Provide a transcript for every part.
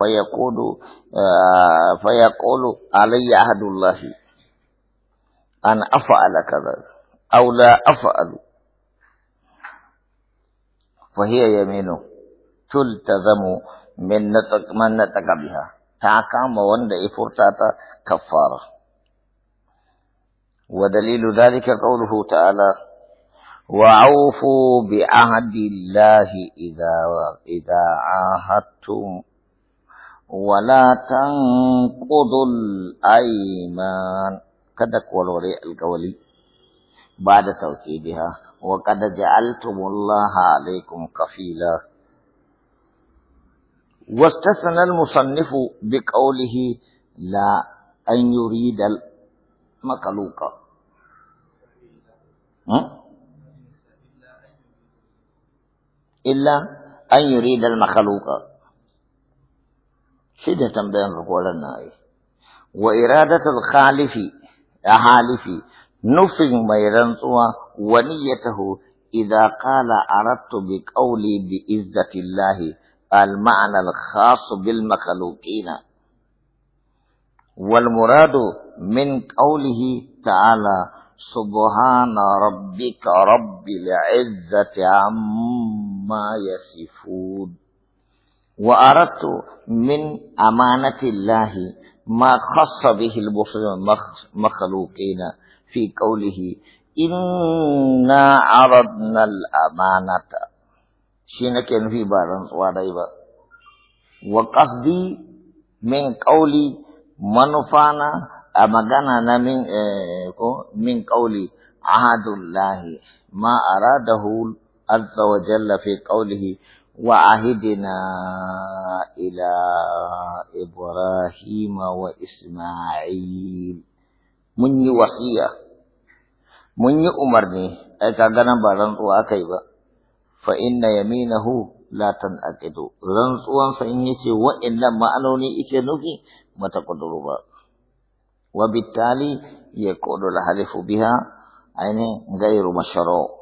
فيقول آه، فيقول علي عهد الله أن أفعل كذا أو لا أفعل فهي يمينه تلتزم من نتك من نتك بها تاكام وند إفرتاتا كفارة ودليل ذلك قوله تعالى وعوفوا بعهد الله إذا إذا عاهدتم ولا تنقض الايمان كذا قولوري القولي بعد توكيدها وقد جعلتم الله عليكم كفيلا واستثنى المصنف بقوله لا ان يريد المخلوق الا ان يريد المخلوق شدة بين القول النائي وإرادة الخالف أحالف نفق ميران ونيته إذا قال أردت بقولي بإزدة الله المعنى الخاص بالمخلوقين والمراد من قوله تعالى سبحان ربك رب العزة عما يصفون وأردت من أمانة الله ما خص به المخلوقين في قوله إنا عرضنا الأمانة شينك في بارن واريبا وقصدي من قولي منفانا أمغانا آه، من من قولي عهد الله ما أراده عز وجل في قوله وعهدنا إلى إبراهيم وإسماعيل من وحية من أمرني أكادنا بارن تواكيبا فإن يمينه لا تنأكد رنسوان سينيتي وإن لما أنوني إكنوكي ما تقدروا با وبالتالي يكون الحلف بها أين غير مشروع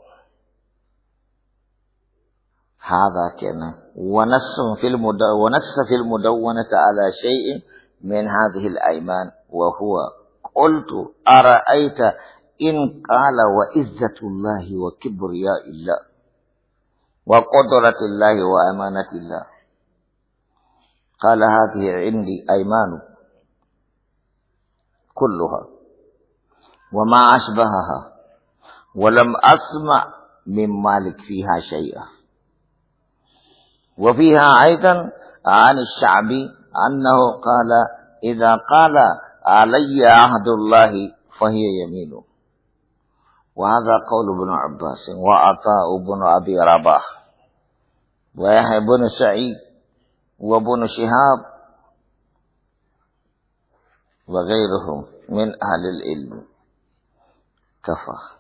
هذا كان ونص في المد... ونص في المدونة على شيء من هذه الأيمان وهو قلت أرأيت إن قال وعزة الله وكبرياء الله وقدرة الله وأمانة الله قال هذه عندي أيمان كلها وما أشبهها ولم أسمع من مالك فيها شيئا وفيها أيضا عن الشعبي أنه قال إذا قال علي عهد الله فهي يمينه وهذا قول ابن عباس وعطاء بن أبي رباح ويحيى بن سعيد وابن شهاب وغيرهم من أهل العلم كفر